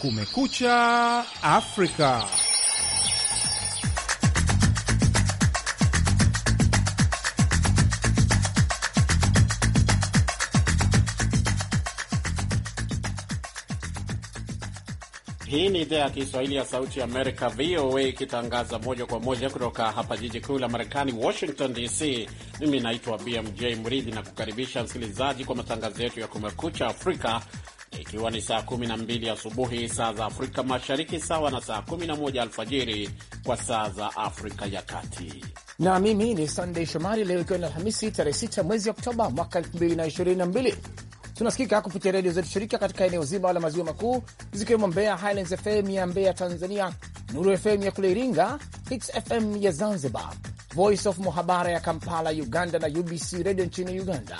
Kumekucha Afrika. Hii ni idhaa ya Kiswahili ya Sauti ya Amerika, VOA, ikitangaza moja kwa moja kutoka hapa jiji kuu la Marekani, Washington DC. Mimi naitwa BMJ Mridhi na kukaribisha msikilizaji kwa matangazo yetu ya Kumekucha Afrika ikiwa ni saa 12 asubuhi saa za Afrika Mashariki, sawa na saa 11 alfajiri kwa saa za Afrika ya Kati. Na mimi ni sandey Shomari. Leo ikiwa ni Alhamisi tarehe 6 mwezi Oktoba mwaka 2022 tunasikika kupitia redio zetu shirika katika eneo zima la maziwa makuu zikiwemo Mbeya Highlands FM ya Mbeya Tanzania, Nuru FM ya kule Iringa, Hits FM ya Zanzibar, Voice of Muhabara ya Kampala Uganda na UBC redio nchini Uganda,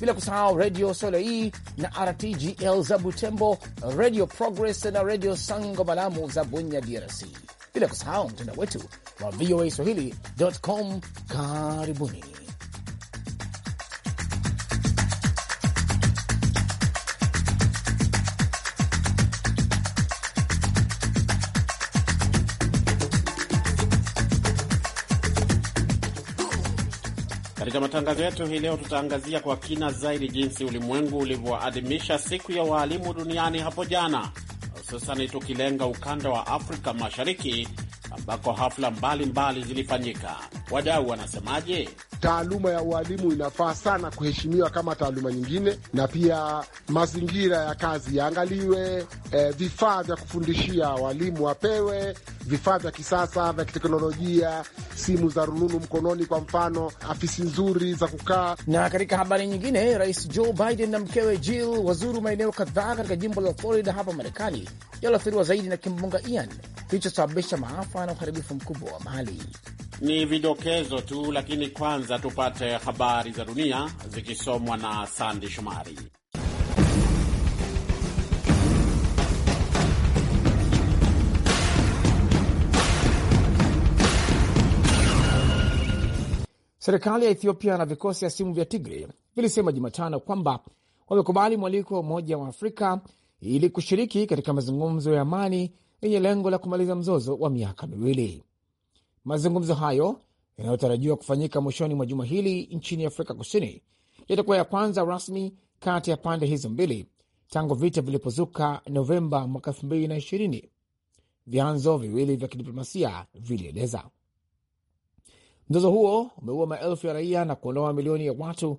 bila kusahau Radio Solei e na RTGL za Butembo, Radio Progress na Radio Sango Malamu za Bunya, DRC, bila kusahau mtandao wetu wa VOA Swahili.com. Karibuni. Katika matangazo yetu hii leo tutaangazia kwa kina zaidi jinsi ulimwengu ulivyoadhimisha siku ya waalimu duniani hapo jana, hususani tukilenga ukanda wa Afrika Mashariki ambako hafla mbalimbali mbali zilifanyika. Wadau wanasemaje? taaluma ya ualimu inafaa sana kuheshimiwa kama taaluma nyingine, na pia mazingira ya kazi yaangaliwe, eh, vifaa vya kufundishia walimu wapewe vifaa vya kisasa vya kiteknolojia, simu za rununu mkononi, kwa mfano, afisi nzuri za kukaa. Na katika habari nyingine, Rais Joe Biden na mkewe Jill wazuru maeneo kadhaa katika jimbo la Florida hapa Marekani yaliathiriwa zaidi na kimbunga Ian kilichosababisha maafa na uharibifu mkubwa wa mali. Ni vidokezo tu, lakini kwanza tupate habari za dunia zikisomwa na Sandi Shomari. Serikali ya Ethiopia na vikosi ya simu vya Tigre vilisema Jumatano kwamba wamekubali mwaliko wa Umoja wa Afrika ili kushiriki katika mazungumzo ya amani yenye lengo la kumaliza mzozo wa miaka miwili. Mazungumzo hayo yanayotarajiwa kufanyika mwishoni mwa juma hili nchini Afrika Kusini yatakuwa ya kwanza rasmi kati ya pande hizo mbili tangu vita vilipozuka Novemba mwaka 2020, vyanzo viwili vya kidiplomasia vilieleza. Mzozo huo umeua maelfu ya raia na kuondoa mamilioni ya watu.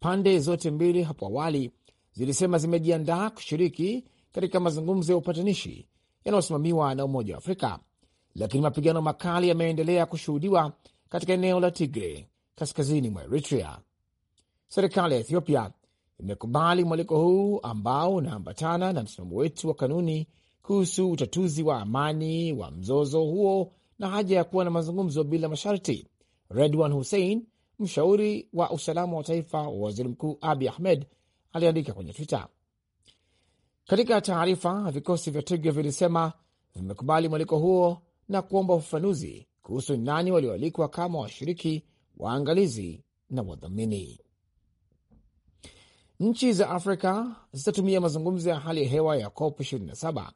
Pande zote mbili hapo awali zilisema zimejiandaa kushiriki katika mazungumzo ya upatanishi yanayosimamiwa na Umoja wa Afrika lakini mapigano makali yameendelea kushuhudiwa katika eneo la Tigre kaskazini mwa Eritrea. Serikali ya Ethiopia imekubali mwaliko huu ambao unaambatana na msimamo wetu wa kanuni kuhusu utatuzi wa amani wa mzozo huo na haja ya kuwa na mazungumzo bila masharti. Redwan Hussein, mshauri wa usalama wa taifa wa waziri mkuu Abi Ahmed, aliandika kwenye Twitter. Katika taarifa, vikosi vya Tigre vilisema vimekubali mwaliko huo na kuomba ufafanuzi kuhusu nani walioalikwa kama washiriki, waangalizi na wadhamini. Nchi za Afrika zitatumia mazungumzo ya hali ya hewa ya COP 27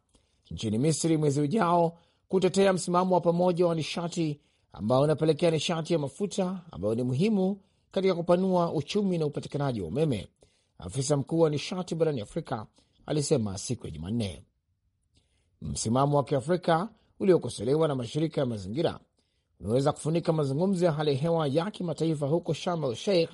nchini Misri mwezi ujao kutetea msimamo wa pamoja wa nishati ambao unapelekea nishati ya mafuta ambayo ni muhimu katika kupanua uchumi na upatikanaji wa umeme. Afisa mkuu wa nishati barani Afrika alisema siku ya Jumanne. Msimamo wa Kiafrika uliokosolewa na mashirika ya mazingira umeweza kufunika mazungumzo ya hali ya hewa ya kimataifa huko Sharm el Sheikh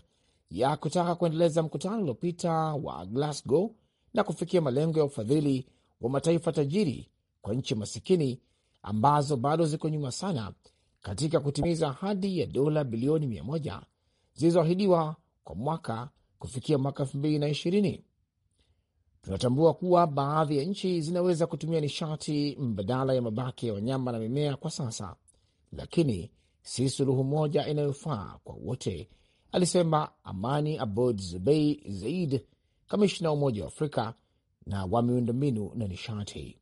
ya kutaka kuendeleza mkutano uliopita wa Glasgow na kufikia malengo ya ufadhili wa mataifa tajiri kwa nchi masikini ambazo bado ziko nyuma sana katika kutimiza ahadi ya dola bilioni mia moja zilizoahidiwa kwa mwaka kufikia mwaka elfu mbili na ishirini tunatambua kuwa baadhi ya nchi zinaweza kutumia nishati mbadala ya mabaki ya wanyama na mimea kwa sasa, lakini si suluhu moja inayofaa kwa wote, alisema Amani Abod Zubei Zaid, kamishna wa Umoja wa Afrika na wa miundombinu na nishati.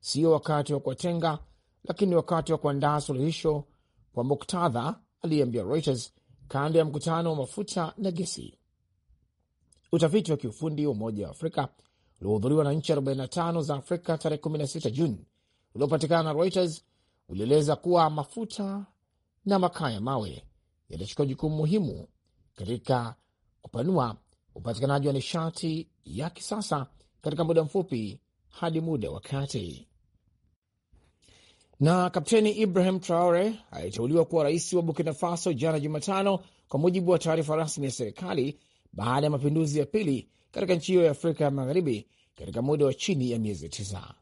Sio wakati wa kuwatenga, lakini wakati wa kuandaa suluhisho kwa muktadha, aliyeambia Reuters kando ya mkutano wa mafuta na gesi Utafiti wa kiufundi wa Umoja wa Afrika uliohudhuriwa na nchi 45 za Afrika tarehe 16 Juni uliopatikana na Reuters ulieleza kuwa mafuta na makaa ya mawe yatachukua jukumu muhimu katika kupanua upatikanaji wa nishati ya kisasa katika muda mfupi hadi muda wa kati. Na Kapteni Ibrahim Traore aliteuliwa kuwa rais wa Burkina Faso jana Jumatano, kwa mujibu wa taarifa rasmi ya serikali baada ya mapinduzi ya pili katika nchi hiyo ya Afrika ya Magharibi katika muda wa chini ya miezi tisa.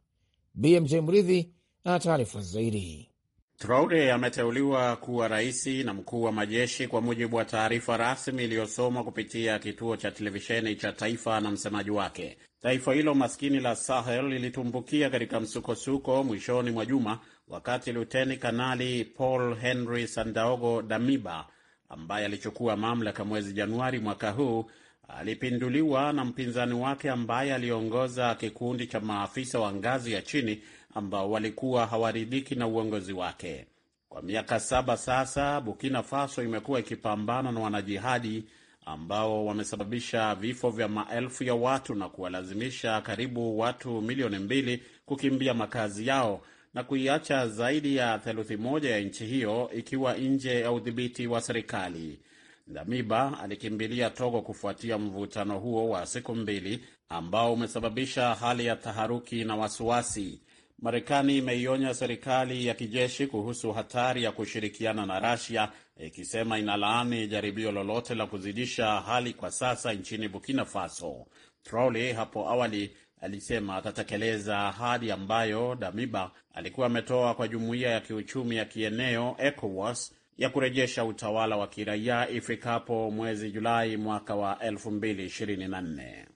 BMJ Mridhi ana taarifa zaidi. Traore ameteuliwa kuwa raisi na mkuu wa majeshi kwa mujibu wa taarifa rasmi iliyosomwa kupitia kituo cha televisheni cha taifa na msemaji wake. Taifa hilo maskini la Sahel lilitumbukia katika msukosuko mwishoni mwa juma wakati luteni kanali Paul Henry Sandaogo Damiba ambaye alichukua mamlaka mwezi Januari mwaka huu alipinduliwa na mpinzani wake ambaye aliongoza kikundi cha maafisa wa ngazi ya chini ambao walikuwa hawaridhiki na uongozi wake. Kwa miaka saba sasa, Burkina Faso imekuwa ikipambana na wanajihadi ambao wamesababisha vifo vya maelfu ya watu na kuwalazimisha karibu watu milioni mbili kukimbia makazi yao na kuiacha zaidi ya theluthi moja ya nchi hiyo ikiwa nje ya udhibiti wa serikali. Damiba alikimbilia Togo kufuatia mvutano huo wa siku mbili ambao umesababisha hali ya taharuki na wasiwasi. Marekani imeionya serikali ya kijeshi kuhusu hatari ya kushirikiana na Russia, ikisema inalaani jaribio lolote la kuzidisha hali kwa sasa nchini Burkina Faso. Traore hapo awali alisema atatekeleza ahadi ambayo Damiba alikuwa ametoa kwa jumuiya ya kiuchumi ya kieneo ECOWAS ya kurejesha utawala wa kiraia ifikapo mwezi Julai mwaka wa 2024.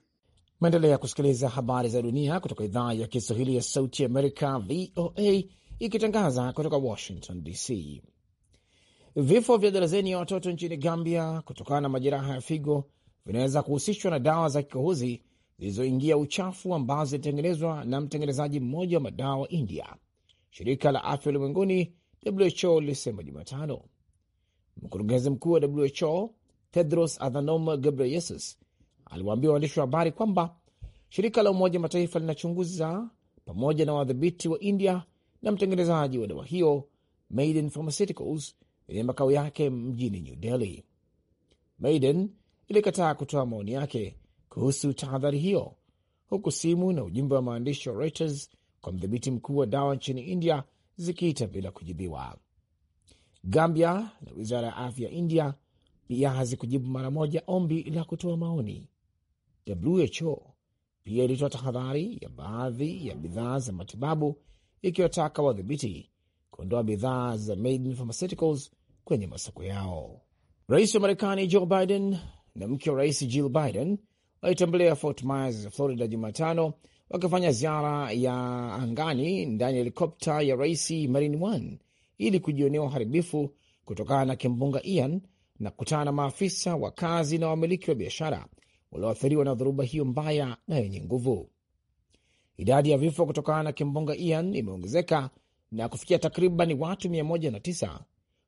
Maendelea kusikiliza habari za dunia kutoka idhaa ya Kiswahili ya Sauti Amerika, VOA, ikitangaza kutoka Washington DC. Vifo vya darazeni ya watoto nchini Gambia kutokana na majeraha ya figo vinaweza kuhusishwa na dawa za kikohozi zilizoingia uchafu ambazo zilitengenezwa na mtengenezaji mmoja wa madawa wa India, shirika la afya ulimwenguni WHO lilisema Jumatano. Mkurugenzi mkuu wa WHO Tedros Adhanom Ghebreyesus aliwaambia waandishi wa habari kwamba shirika la Umoja Mataifa linachunguza pamoja na wadhibiti wa India na mtengenezaji wa dawa hiyo Maiden Pharmaceuticals yenye makao yake mjini New Delhi. Maiden ilikataa kutoa maoni yake kuhusu tahadhari hiyo, huku simu na ujumbe wa maandishi wa Reuters kwa mdhibiti mkuu wa dawa nchini India zikiita bila kujibiwa. Gambia na wizara ya afya ya India pia hazikujibu mara moja ombi la kutoa maoni. WHO pia ilitoa tahadhari ya baadhi ya bidhaa za matibabu ikiwataka wadhibiti kuondoa bidhaa za Made in Pharmaceuticals kwenye masoko yao. Rais wa Marekani Joe Biden na mke wa rais Jill Biden walitembelea Fort Myers, Florida Jumatano, wakifanya ziara ya angani ndani ya helikopta ya rais Marine One ili kujionea uharibifu kutokana na kimbunga Ian na kukutana na maafisa wa kazi na wamiliki wa biashara walioathiriwa na dhoruba hiyo mbaya na yenye nguvu. Idadi ya vifo kutokana na kimbunga Ian imeongezeka na kufikia takriban watu 109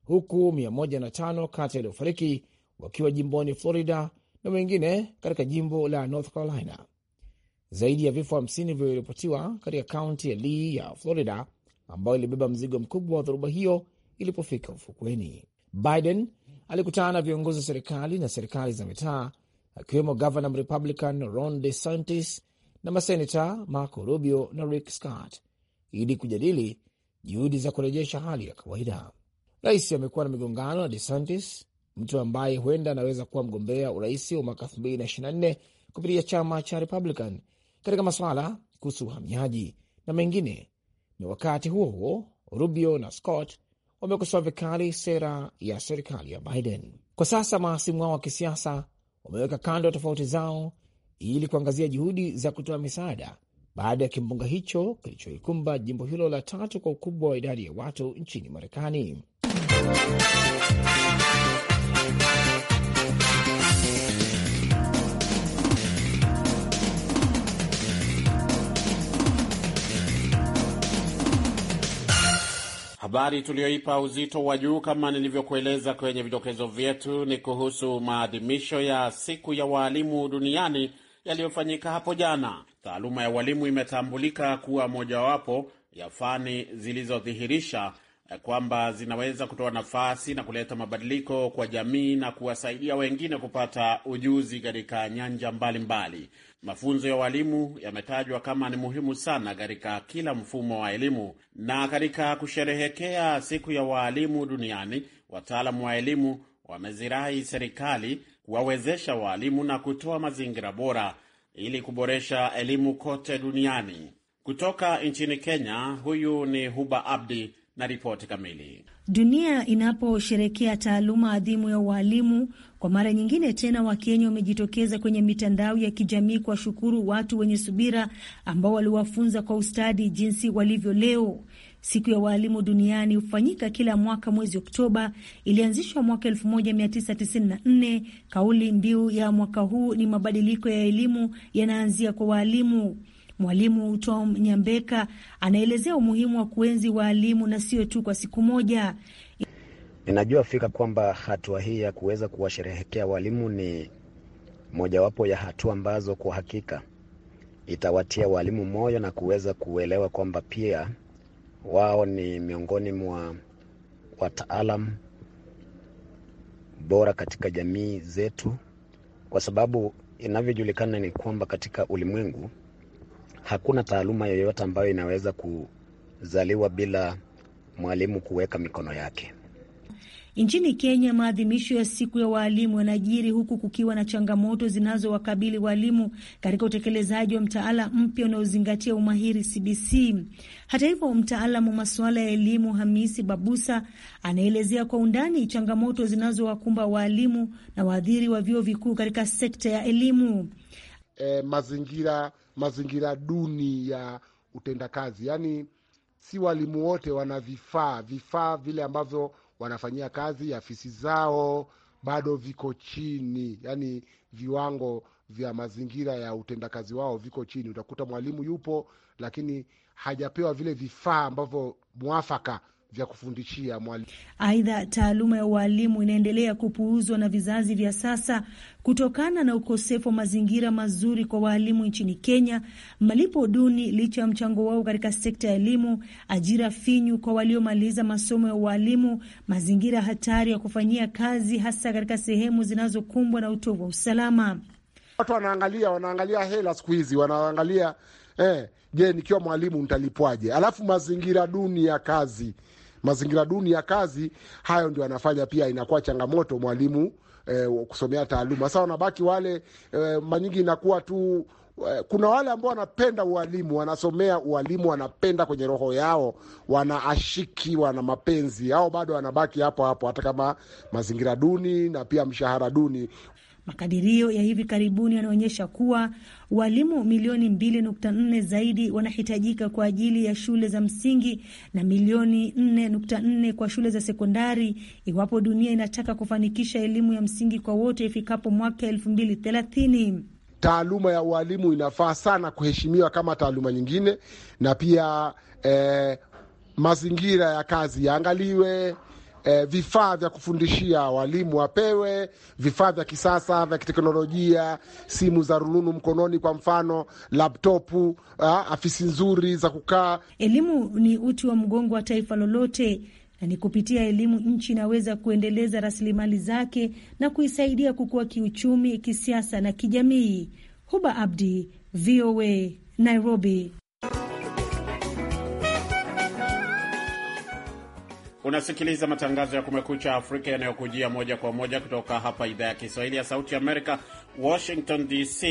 huku 105 kati yaliyofariki wakiwa jimboni Florida na wengine katika jimbo la North Carolina. Zaidi ya vifo hamsini vilivyoripotiwa katika kaunti ya Lee ya Florida, ambayo ilibeba mzigo mkubwa wa dhoruba hiyo ilipofika ufukweni. Biden alikutana na viongozi wa serikali na serikali za mitaa, akiwemo gavana Mrepublican Ron De Santis na maseneta Marco Rubio na Rick Scott ili kujadili juhudi za kurejesha hali ya kawaida. Rais amekuwa na migongano na DeSantis mtu ambaye huenda anaweza kuwa mgombea urais wa mwaka 2024 kupitia chama cha Republican katika masuala kuhusu uhamiaji na mengine. Na wakati huo huo, Rubio na Scott wamekosoa vikali sera ya serikali ya Biden. Kwa sasa mahasimu wao wa kisiasa wameweka kando tofauti zao ili kuangazia juhudi za kutoa misaada baada ya kimbunga hicho kilichoikumba jimbo hilo la tatu kwa ukubwa wa idadi ya watu nchini Marekani. Habari tuliyoipa uzito wa juu kama nilivyokueleza kwenye vidokezo vyetu ni kuhusu maadhimisho ya siku ya waalimu duniani yaliyofanyika hapo jana. Taaluma ya ualimu imetambulika kuwa mojawapo ya fani zilizodhihirisha kwamba zinaweza kutoa nafasi na kuleta mabadiliko kwa jamii na kuwasaidia wengine kupata ujuzi katika nyanja mbalimbali mbali. Mafunzo ya walimu yametajwa kama ni muhimu sana katika kila mfumo wa elimu. Na katika kusherehekea siku ya waalimu duniani, wataalamu wa elimu wamezirai serikali kuwawezesha waalimu na kutoa mazingira bora ili kuboresha elimu kote duniani. Kutoka nchini Kenya, huyu ni Huba Abdi na ripoti kamili. Dunia inaposherekea taaluma adhimu ya ualimu, kwa mara nyingine tena, Wakenya wamejitokeza kwenye mitandao ya kijamii kuwashukuru watu wenye subira ambao waliwafunza kwa ustadi jinsi walivyo leo. Siku ya waalimu duniani hufanyika kila mwaka mwezi Oktoba. Ilianzishwa mwaka 1994. Kauli mbiu ya mwaka huu ni mabadiliko ya elimu yanaanzia kwa waalimu. Mwalimu Tom Nyambeka anaelezea umuhimu wa kuenzi waalimu na sio tu kwa siku moja. Ninajua fika kwamba hatua hii ya kuweza kuwasherehekea walimu ni mojawapo ya hatua ambazo kwa hakika itawatia walimu moyo na kuweza kuelewa kwamba pia wao ni miongoni mwa wataalam bora katika jamii zetu, kwa sababu inavyojulikana ni kwamba katika ulimwengu hakuna taaluma yoyote ambayo inaweza kuzaliwa bila mwalimu kuweka mikono yake. Nchini Kenya, maadhimisho ya siku ya waalimu yanajiri huku kukiwa na changamoto zinazowakabili waalimu katika utekelezaji wa mtaala mpya unaozingatia umahiri CBC. Hata hivyo, mtaalamu wa masuala ya elimu Hamisi Babusa anaelezea kwa undani changamoto zinazowakumba waalimu na waadhiri wa vyuo vikuu katika sekta ya elimu. E, mazingira mazingira duni ya utendakazi, yaani si walimu wote wana vifaa vifaa vile ambavyo wanafanyia kazi, afisi zao bado viko chini, yani viwango vya mazingira ya utendakazi wao viko chini. Utakuta mwalimu yupo, lakini hajapewa vile vifaa ambavyo mwafaka vya kufundishia mwalimu. Aidha, taaluma ya ualimu inaendelea kupuuzwa na vizazi vya sasa kutokana na ukosefu wa mazingira mazuri kwa waalimu nchini Kenya, malipo duni licha ya mchango wao katika sekta ya elimu, ajira finyu kwa waliomaliza masomo ya ualimu, mazingira hatari ya kufanyia kazi, hasa katika sehemu zinazokumbwa na utovu wa usalama. Watu wanaangalia wanaangalia hela siku hizi, wanaangalia eh, je, nikiwa mwalimu ntalipwaje Alafu mazingira duni ya kazi mazingira duni ya kazi, hayo ndio anafanya pia inakuwa changamoto mwalimu eh, kusomea taaluma. Sasa wanabaki wale eh, manyingi inakuwa tu eh, kuna wale ambao wanapenda ualimu, wanasomea ualimu, wanapenda kwenye roho yao, wanaashiki, wana mapenzi, au bado wanabaki hapo hapo, hata kama mazingira duni na pia mshahara duni Makadirio ya hivi karibuni yanaonyesha kuwa walimu milioni 2.4 zaidi wanahitajika kwa ajili ya shule za msingi na milioni 4.4 kwa shule za sekondari iwapo dunia inataka kufanikisha elimu ya msingi kwa wote ifikapo mwaka 2030. Taaluma ya ualimu inafaa sana kuheshimiwa kama taaluma nyingine, na pia eh, mazingira ya kazi yaangaliwe eh, vifaa vya kufundishia walimu wapewe vifaa vya kisasa vya kiteknolojia, simu za rununu mkononi, kwa mfano laptopu, ah, afisi nzuri za kukaa. Elimu ni uti wa mgongo wa taifa lolote na ni kupitia elimu nchi inaweza kuendeleza rasilimali zake na kuisaidia kukua kiuchumi, kisiasa na kijamii. Huba Abdi, VOA, Nairobi. Unasikiliza matangazo ya Kumekucha Afrika yanayokujia moja kwa moja kutoka hapa idhaa ya Kiswahili ya Sauti Amerika, Washington DC.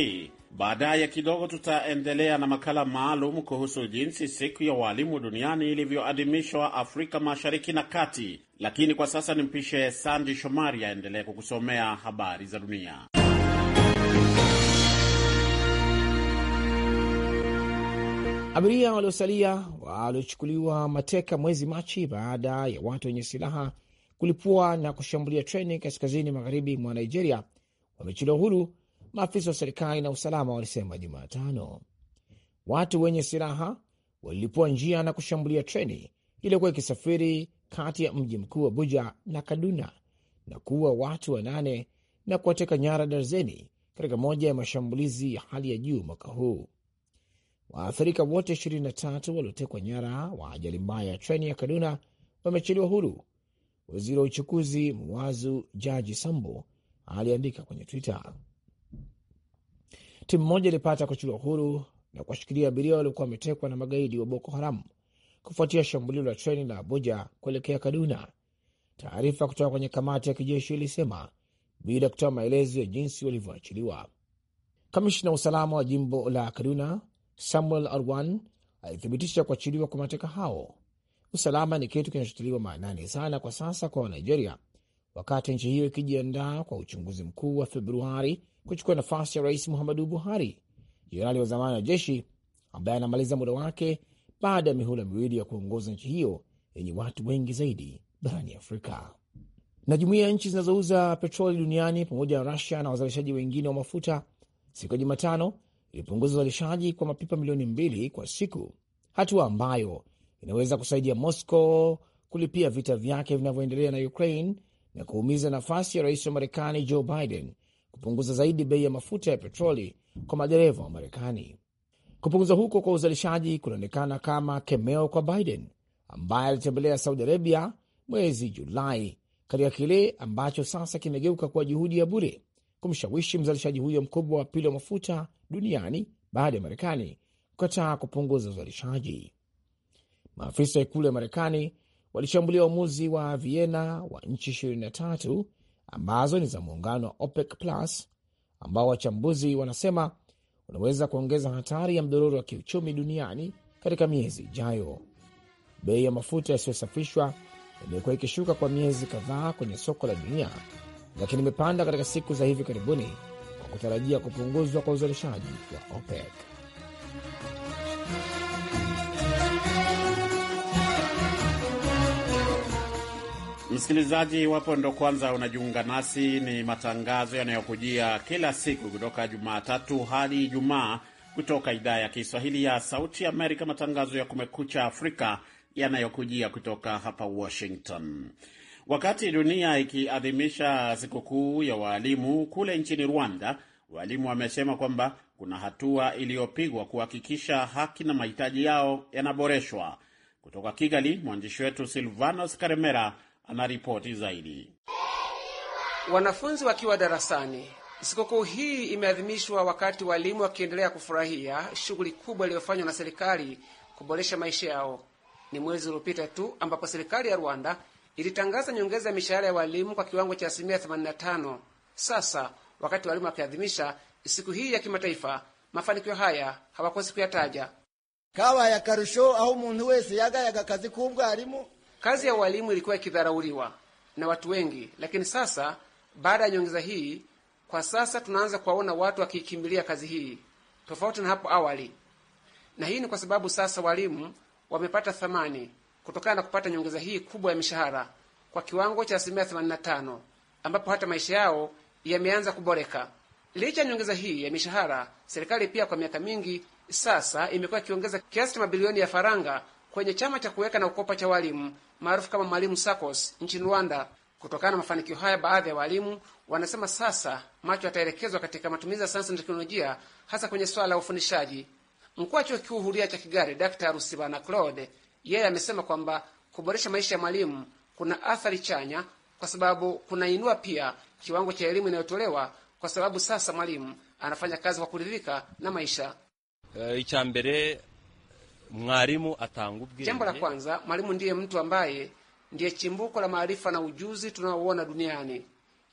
Baadaye kidogo tutaendelea na makala maalum kuhusu jinsi siku ya waalimu duniani ilivyoadhimishwa Afrika Mashariki na Kati, lakini kwa sasa nimpishe Sandi Shomari aendelee kukusomea habari za dunia. Abiria waliosalia waliochukuliwa mateka mwezi Machi baada ya watu wenye silaha kulipua na kushambulia treni kaskazini magharibi mwa Nigeria wamechiliwa huru, maafisa wa serikali na usalama walisema Jumatano. Watu wenye silaha walilipua njia na kushambulia treni iliyokuwa ikisafiri kati ya mji mkuu Abuja na Kaduna na kuua watu wanane na kuwateka nyara darzeni katika moja ya mashambulizi ya hali ya juu mwaka huu. Waathirika wote 23 waliotekwa nyara wa ajali mbaya ya treni ya Kaduna wameachiliwa huru. Waziri wa uchukuzi Mwazu Jaji Sambo aliandika kwenye Twitter. Timu moja ilipata kuachiliwa huru na kuwashikilia abiria waliokuwa wametekwa na magaidi wa Boko Haram kufuatia shambulio la treni la Abuja kuelekea Kaduna. Taarifa kutoka kwenye kamati ya kijeshi ilisema bila kutoa maelezo ya jinsi walivyoachiliwa. Kamishna wa usalama wa jimbo la Kaduna Samuel Arwan alithibitisha kuachiliwa kwa mateka hao. Usalama ni kitu kinachotiliwa maanani sana kwa sasa kwa Wanigeria, wakati nchi hiyo ikijiandaa kwa uchunguzi mkuu wa Februari kuchukua nafasi ya Rais Muhammadu Buhari, jenerali wa zamani wa jeshi ambaye anamaliza muda wake baada ya mihula miwili ya kuongoza nchi hiyo yenye watu wengi zaidi barani Afrika. Na jumuiya ya nchi zinazouza petroli duniani pamoja na Rusia na wazalishaji wengine wa mafuta siku ya Jumatano ilipunguza uzalishaji kwa mapipa milioni mbili kwa siku, hatua ambayo inaweza kusaidia Moscow kulipia vita vyake vinavyoendelea na Ukraine na kuumiza nafasi ya rais wa Marekani Joe Biden kupunguza zaidi bei ya mafuta ya petroli kwa madereva wa Marekani. kupunguza huko kwa uzalishaji kunaonekana kama kemeo kwa Biden ambaye alitembelea Saudi Arabia mwezi Julai katika kile ambacho sasa kimegeuka kuwa juhudi ya bure kumshawishi mzalishaji huyo mkubwa wa pili wa mafuta duniani baada ya Marekani kukataa kupunguza uzalishaji. Maafisa ikulu ya Marekani walishambulia uamuzi wa Vienna wa nchi 23 ambazo ni za muungano wa OPEC Plus ambao wachambuzi wanasema unaweza kuongeza hatari ya mdororo wa kiuchumi duniani katika miezi ijayo. Bei ya mafuta yasiyosafishwa imekuwa ikishuka kwa miezi kadhaa kwenye soko la dunia, lakini imepanda katika siku za hivi karibuni kwa kutarajia kupunguzwa kwa uzalishaji wa OPEC. Msikilizaji, iwapo ndo kwanza unajiunga nasi, ni matangazo yanayokujia kila siku kutoka Jumatatu hadi Ijumaa kutoka idhaa ya Kiswahili ya Sauti ya Amerika, matangazo ya Kumekucha Afrika yanayokujia kutoka hapa Washington. Wakati dunia ikiadhimisha sikukuu ya waalimu kule nchini Rwanda, waalimu wamesema kwamba kuna hatua iliyopigwa kuhakikisha haki na mahitaji yao yanaboreshwa. Kutoka Kigali, mwandishi wetu Silvanos Karemera anaripoti zaidi. Wanafunzi wakiwa darasani, sikukuu hii imeadhimishwa wakati waalimu wakiendelea kufurahia shughuli kubwa iliyofanywa na serikali kuboresha maisha yao. Ni mwezi uliopita tu ambapo serikali ya Rwanda ilitangaza nyongeza ya mishahara ya walimu kwa kiwango cha asilimia 85. Sasa wakati walimu wakiadhimisha siku hii ya kimataifa, mafanikio haya hawakosi kuyataja. ya karusho au muntu wese yagayaga akazi k'ubwarimu. Kazi ya walimu ilikuwa ikidharauliwa na watu wengi, lakini sasa baada ya nyongeza hii, kwa sasa tunaanza kuwaona watu wakiikimbilia kazi hii tofauti na hapo awali, na hii ni kwa sababu sasa walimu wamepata thamani kutokana na kupata nyongeza hii kubwa ya mishahara kwa kiwango cha asilimia 85, ambapo hata maisha yao yameanza kuboreka. Licha ya nyongeza hii ya mishahara, serikali pia kwa miaka mingi sasa imekuwa ikiongeza kiasi cha mabilioni ya faranga kwenye chama cha kuweka na kukopa cha walimu maarufu kama Mwalimu SACCOS nchini Rwanda. Kutokana na mafanikio haya, baadhi ya walimu wanasema sasa macho yataelekezwa katika matumizi ya sayansi na teknolojia, hasa kwenye swala la ufundishaji. Mkuu wa chuo kikuu huria cha Kigali, Dr. Rusibana Claude yeye amesema kwamba kuboresha maisha ya mwalimu kuna athari chanya, kwa sababu kunainua pia kiwango cha elimu inayotolewa, kwa sababu sasa mwalimu anafanya kazi kwa kuridhika na maisha. Uh, mbere mwalimu atanga ubwenge. Jambo la kwanza, mwalimu ndiye mtu ambaye ndiye chimbuko la maarifa na ujuzi tunaoona duniani.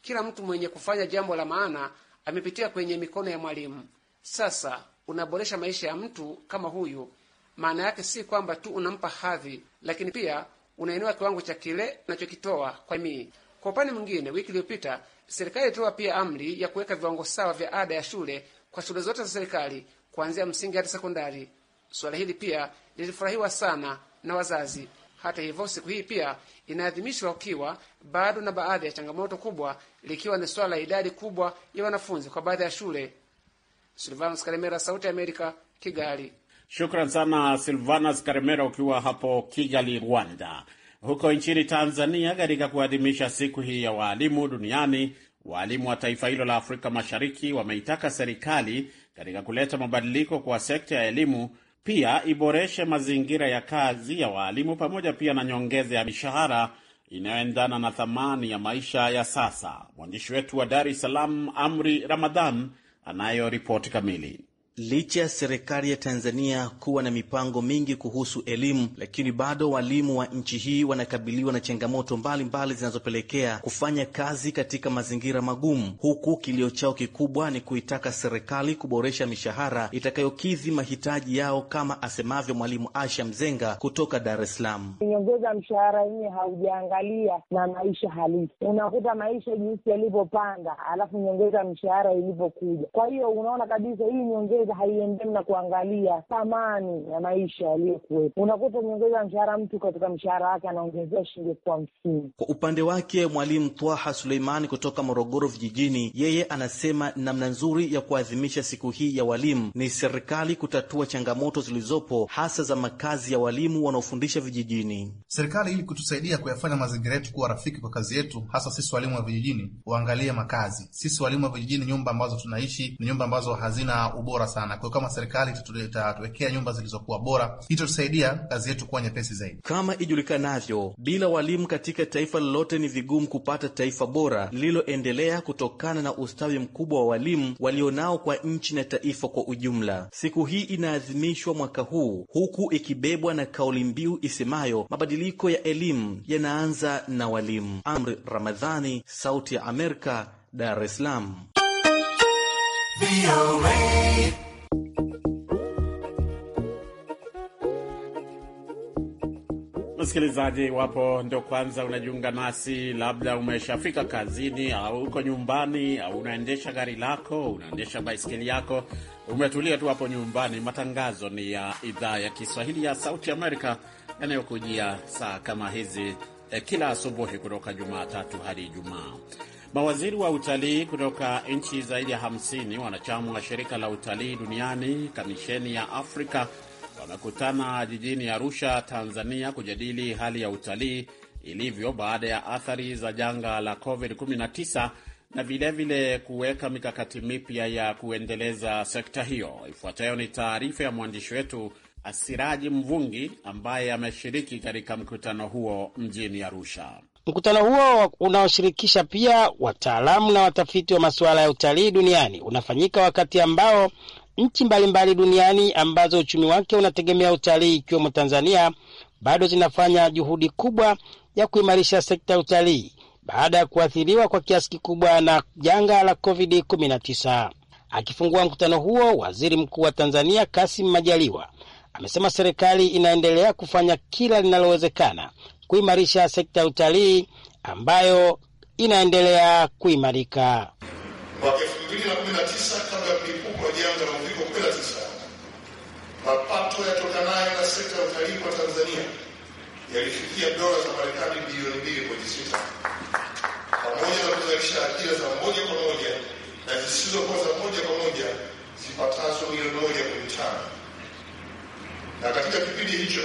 Kila mtu mwenye kufanya jambo la maana amepitia kwenye mikono ya mwalimu. Sasa unaboresha maisha ya mtu kama huyu maana yake si kwamba tu unampa hadhi, lakini pia unainua kiwango cha kile unachokitoa kwa jamii. Kwa upande mwingine, wiki iliyopita serikali ilitoa pia amri ya kuweka viwango sawa vya ada ya shule kwa shule zote za serikali kuanzia msingi hadi sekondari. Suala hili pia lilifurahiwa sana na wazazi. Hata hivyo, siku hii pia inaadhimishwa ukiwa bado na baadhi ya changamoto kubwa, likiwa ni swala la idadi kubwa ya wanafunzi kwa baadhi ya shule. Silvanus Sauti ya Amerika, Kigali. Shukran sana Silvanas Karemera ukiwa hapo Kigali, Rwanda. Huko nchini Tanzania, katika kuadhimisha siku hii ya waalimu duniani, waalimu wa taifa hilo la Afrika Mashariki wameitaka serikali katika kuleta mabadiliko kwa sekta ya elimu pia iboreshe mazingira ya kazi ya waalimu pamoja pia na nyongeza ya mishahara inayoendana na thamani ya maisha ya sasa. Mwandishi wetu wa Dar es Salaam, Amri Ramadhan, anayo ripoti kamili. Licha ya serikali ya Tanzania kuwa na mipango mingi kuhusu elimu, lakini bado walimu wa nchi hii wanakabiliwa na changamoto mbalimbali zinazopelekea kufanya kazi katika mazingira magumu, huku kilio chao kikubwa ni kuitaka serikali kuboresha mishahara itakayokidhi mahitaji yao, kama asemavyo mwalimu Asha Mzenga kutoka Dar es Salaam. Nyongeza mshahara yenyewe haujaangalia na maisha halisi, unakuta maisha jinsi yalivyopanda, alafu nyongeza mshahara ilivyokuja. Kwa hiyo unaona kabisa hii nyongeza nyongeza haiendani na kuangalia thamani ya maisha yaliyokuwepo. Unakuta nyongeza mshahara, mtu katika mshahara wake anaongezea shilingi elfu hamsini. Kwa upande wake Mwalimu Twaha Suleimani kutoka Morogoro Vijijini, yeye anasema namna nzuri ya kuadhimisha siku hii ya walimu ni serikali kutatua changamoto zilizopo hasa za makazi ya walimu wanaofundisha vijijini. Serikali ili kutusaidia kuyafanya mazingira yetu kuwa rafiki kwa kazi yetu, hasa sisi walimu wa vijijini, waangalie makazi. Sisi walimu wa vijijini, nyumba ambazo tunaishi ni nyumba ambazo hazina ubora sana. Kwa hiyo kama serikali itatuwekea nyumba zilizokuwa bora, hicho tusaidia kazi yetu kuwa nyepesi zaidi. Kama ijulikanavyo, bila walimu katika taifa lolote ni vigumu kupata taifa bora lililoendelea kutokana na ustawi mkubwa wa walimu walionao kwa nchi na taifa kwa ujumla. Siku hii inaadhimishwa mwaka huu huku ikibebwa na kauli mbiu isemayo mabadiliko ya elimu yanaanza na walimu. Amri Ramadhani, Sauti ya Amerika, Dar es Salaam. Msikilizaji, iwapo ndo kwanza unajiunga nasi, labda umeshafika kazini au uko nyumbani au unaendesha gari lako, unaendesha baiskeli yako, umetulia tu hapo nyumbani, matangazo ni ya idhaa ya Kiswahili ya Sauti Amerika yanayokujia saa kama hizi eh, kila asubuhi kutoka Jumatatu hadi Ijumaa. Mawaziri wa utalii kutoka nchi zaidi ya 50 wanachama wa shirika la utalii duniani, kamisheni ya Afrika, wamekutana jijini Arusha, Tanzania, kujadili hali ya utalii ilivyo baada ya athari za janga la COVID-19 na vilevile kuweka mikakati mipya ya kuendeleza sekta hiyo. Ifuatayo ni taarifa ya mwandishi wetu Asiraji Mvungi ambaye ameshiriki katika mkutano huo mjini Arusha. Mkutano huo unaoshirikisha pia wataalamu na watafiti wa masuala ya utalii duniani unafanyika wakati ambao nchi mbalimbali duniani ambazo uchumi wake unategemea utalii ikiwemo Tanzania bado zinafanya juhudi kubwa ya kuimarisha sekta ya utalii baada ya kuathiriwa kwa kiasi kikubwa na janga la COVID-19. Akifungua mkutano huo, waziri mkuu wa Tanzania Kassim Majaliwa amesema serikali inaendelea kufanya kila linalowezekana kuimarisha sekta ya utalii ambayo inaendelea kuimarika. Mwaka elfu mbili na kumi na tisa kabla ya mlipuko wa janga la uviko kumi na tisa, mapato yatokanayo na sekta ya utalii kwa Tanzania yalifikia dola za Marekani bilioni mbili pointi sita pamoja na kuzalisha ajira za moja kwa moja na zisizokuwa za moja kwa moja zipatazo milioni moja pointi tano na katika kipindi hicho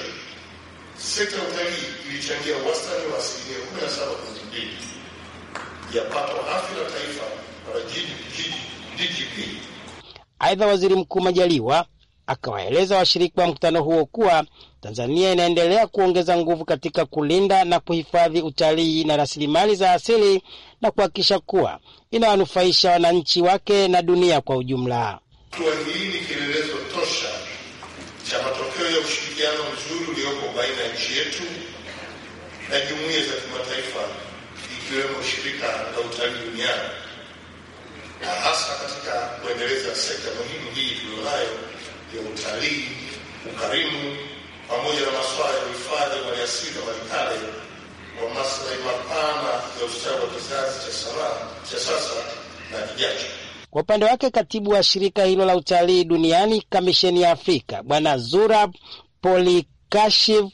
Sekta ya utalii ilichangia wastani wa asilimia saba nukta mbili ya pato hafi la taifa la GDP. Aidha, Waziri Mkuu Majaliwa akawaeleza washiriki wa mkutano huo kuwa Tanzania inaendelea kuongeza nguvu katika kulinda na kuhifadhi utalii na rasilimali za asili na kuhakikisha kuwa inawanufaisha wananchi wake na dunia kwa ujumla. Hatua hii ni kielelezo tosha cha matokeo ya ushirikiano mzuri uliopo baina ya nchi yetu na jumuiya za kimataifa ikiwemo shirika la utalii duniani na hasa katika kuendeleza sekta muhimu hii tuliyonayo ya utalii, ukarimu, pamoja na masuala ya uhifadhi wa maliasili na malikale kwa maslahi mapana ya ustawi wa kizazi cha sasa na kijacho. Kwa upande wake katibu wa shirika hilo la utalii duniani, kamisheni ya Afrika, bwana zura Polikashiv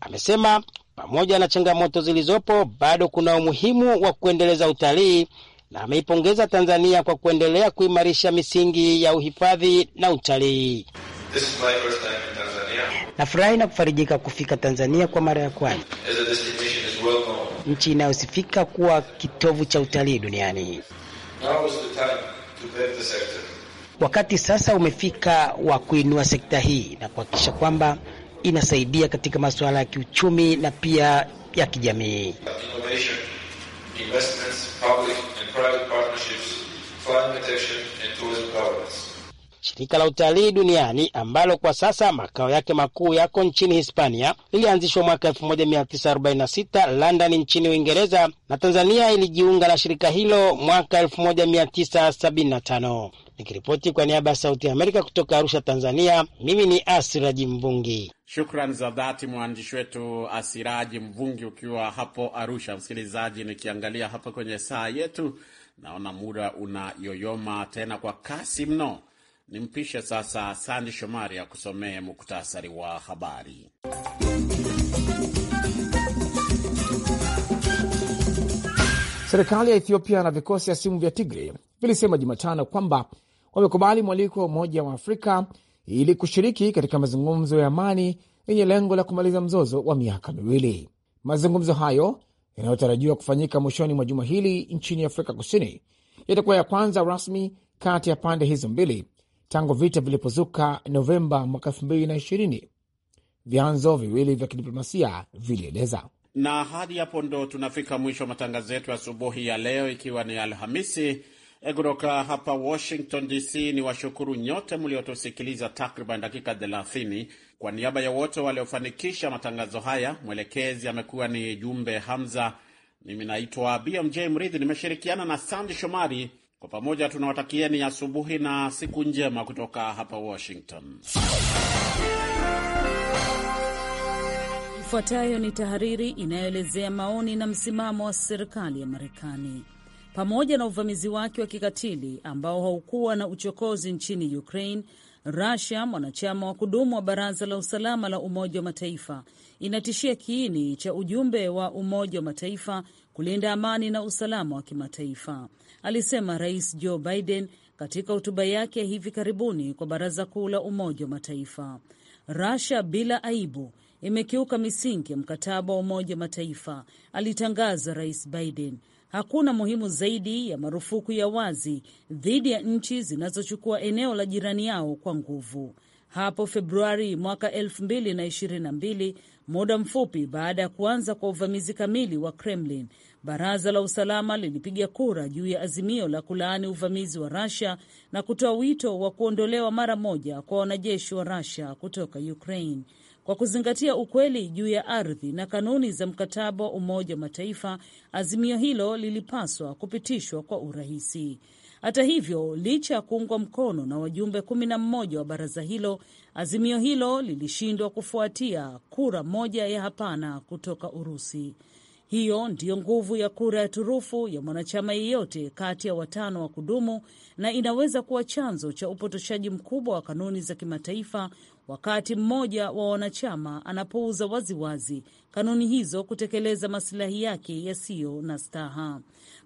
amesema pamoja na changamoto zilizopo bado kuna umuhimu wa kuendeleza utalii na ameipongeza Tanzania kwa kuendelea kuimarisha misingi ya uhifadhi na utalii. Nafurahi na kufarijika kufika Tanzania kwa mara ya kwanza, nchi inayosifika kuwa kitovu cha utalii duniani. Now is the time. Wakati sasa umefika wa kuinua sekta hii na kuhakikisha kwamba inasaidia katika masuala ya kiuchumi na pia ya kijamii. Investments, public and private partnerships, and tourism governance. Shirika la utalii duniani ambalo kwa sasa makao yake makuu yako nchini Hispania lilianzishwa mwaka 1946 London nchini Uingereza, na Tanzania ilijiunga na shirika hilo mwaka 1975. Nikiripoti kwa niaba ya Sauti ya Amerika kutoka Arusha, Tanzania, mimi ni Asiraji Mvungi. Shukran za dhati mwandishi wetu Asiraji Mvungi ukiwa hapo Arusha. Msikilizaji, nikiangalia hapa kwenye saa yetu naona muda unayoyoma tena kwa kasi mno. Nimpishe sasa Sandi Shomari akusomee muktasari wa habari. Serikali ya Ethiopia na vikosi ya simu vya Tigre vilisema Jumatano kwamba wamekubali mwaliko wa Umoja wa Afrika ili kushiriki katika mazungumzo ya amani yenye lengo la kumaliza mzozo wa miaka miwili. Mazungumzo hayo yanayotarajiwa kufanyika mwishoni mwa juma hili nchini Afrika Kusini yatakuwa ya kwanza rasmi kati ya pande hizo mbili tangu vita vilipozuka Novemba mwaka 2020, vyanzo viwili vya kidiplomasia vilieleza. Na hadi hapo ndo tunafika mwisho wa matangazo yetu asubuhi ya leo, ikiwa ni Alhamisi e, kutoka hapa Washington DC. Ni washukuru nyote mliotusikiliza takriban dakika 30. Kwa niaba ya wote waliofanikisha matangazo haya, mwelekezi amekuwa ni Jumbe Hamza, mimi naitwa BMJ Mridhi, nimeshirikiana na Sandi Shomari. Kwa pamoja tunawatakieni asubuhi na siku njema kutoka hapa Washington. Ifuatayo ni tahariri inayoelezea maoni na msimamo wa serikali ya Marekani. Pamoja na uvamizi wake wa kikatili ambao haukuwa na uchokozi nchini Ukraine, rusia mwanachama wa kudumu wa Baraza la Usalama la Umoja wa Mataifa, inatishia kiini cha ujumbe wa Umoja wa Mataifa kulinda amani na usalama wa kimataifa, alisema Rais Joe Biden katika hotuba yake ya hivi karibuni kwa Baraza Kuu la Umoja wa Mataifa. Rasia bila aibu imekiuka misingi ya mkataba wa Umoja wa Mataifa, alitangaza Rais Biden. Hakuna muhimu zaidi ya marufuku ya wazi dhidi ya nchi zinazochukua eneo la jirani yao kwa nguvu. Hapo Februari mwaka Muda mfupi baada ya kuanza kwa uvamizi kamili wa Kremlin, baraza la usalama lilipiga kura juu ya azimio la kulaani uvamizi wa rasia na kutoa wito wa kuondolewa mara moja kwa wanajeshi wa rasia kutoka Ukraine kwa kuzingatia ukweli juu ya ardhi na kanuni za mkataba wa Umoja wa Mataifa. Azimio hilo lilipaswa kupitishwa kwa urahisi. Hata hivyo, licha ya kuungwa mkono na wajumbe kumi na mmoja wa baraza hilo, azimio hilo lilishindwa kufuatia kura moja ya hapana kutoka Urusi. Hiyo ndiyo nguvu ya kura ya turufu ya mwanachama yeyote kati ya watano wa kudumu, na inaweza kuwa chanzo cha upotoshaji mkubwa wa kanuni za kimataifa wakati mmoja wa wanachama anapouza waziwazi kanuni hizo kutekeleza masilahi yake yasiyo na staha.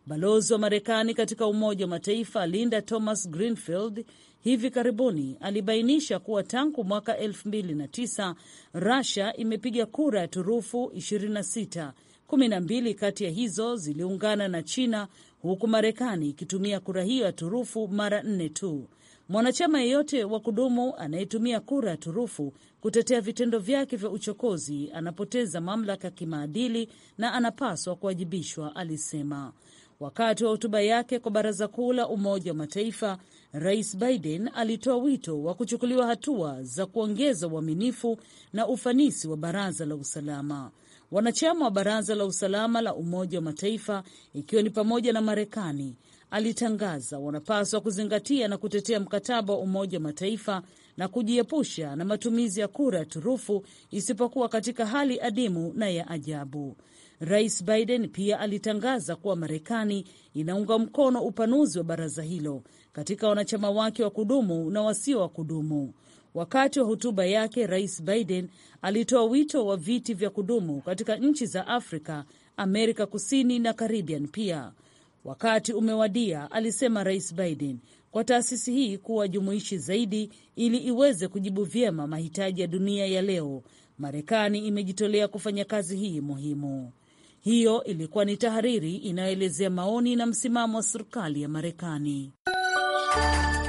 Balozi wa Marekani katika Umoja wa Mataifa Linda Thomas Greenfield hivi karibuni alibainisha kuwa tangu mwaka 2009 Russia imepiga kura ya turufu 26 kumi na mbili kati ya hizo ziliungana na China, huku Marekani ikitumia kura hiyo ya turufu mara nne tu. Mwanachama yeyote wa kudumu anayetumia kura ya turufu kutetea vitendo vyake vya uchokozi anapoteza mamlaka kimaadili na anapaswa kuwajibishwa, alisema. Wakati wa hotuba yake kwa Baraza Kuu la Umoja wa Mataifa, Rais Biden alitoa wito wa kuchukuliwa hatua za kuongeza uaminifu na ufanisi wa Baraza la Usalama wanachama wa Baraza la Usalama la Umoja wa Mataifa, ikiwa ni pamoja na Marekani, alitangaza wanapaswa kuzingatia na kutetea mkataba wa Umoja wa Mataifa na kujiepusha na matumizi ya kura ya turufu isipokuwa katika hali adimu na ya ajabu. Rais Biden pia alitangaza kuwa Marekani inaunga mkono upanuzi wa baraza hilo katika wanachama wake wa kudumu na wasio wa kudumu. Wakati wa hotuba yake, Rais Biden alitoa wito wa viti vya kudumu katika nchi za Afrika, Amerika Kusini na Caribbean pia. Wakati umewadia, alisema Rais Biden, kwa taasisi hii kuwa jumuishi zaidi ili iweze kujibu vyema mahitaji ya dunia ya leo. Marekani imejitolea kufanya kazi hii muhimu. Hiyo ilikuwa ni tahariri inayoelezea maoni na msimamo wa serikali ya Marekani.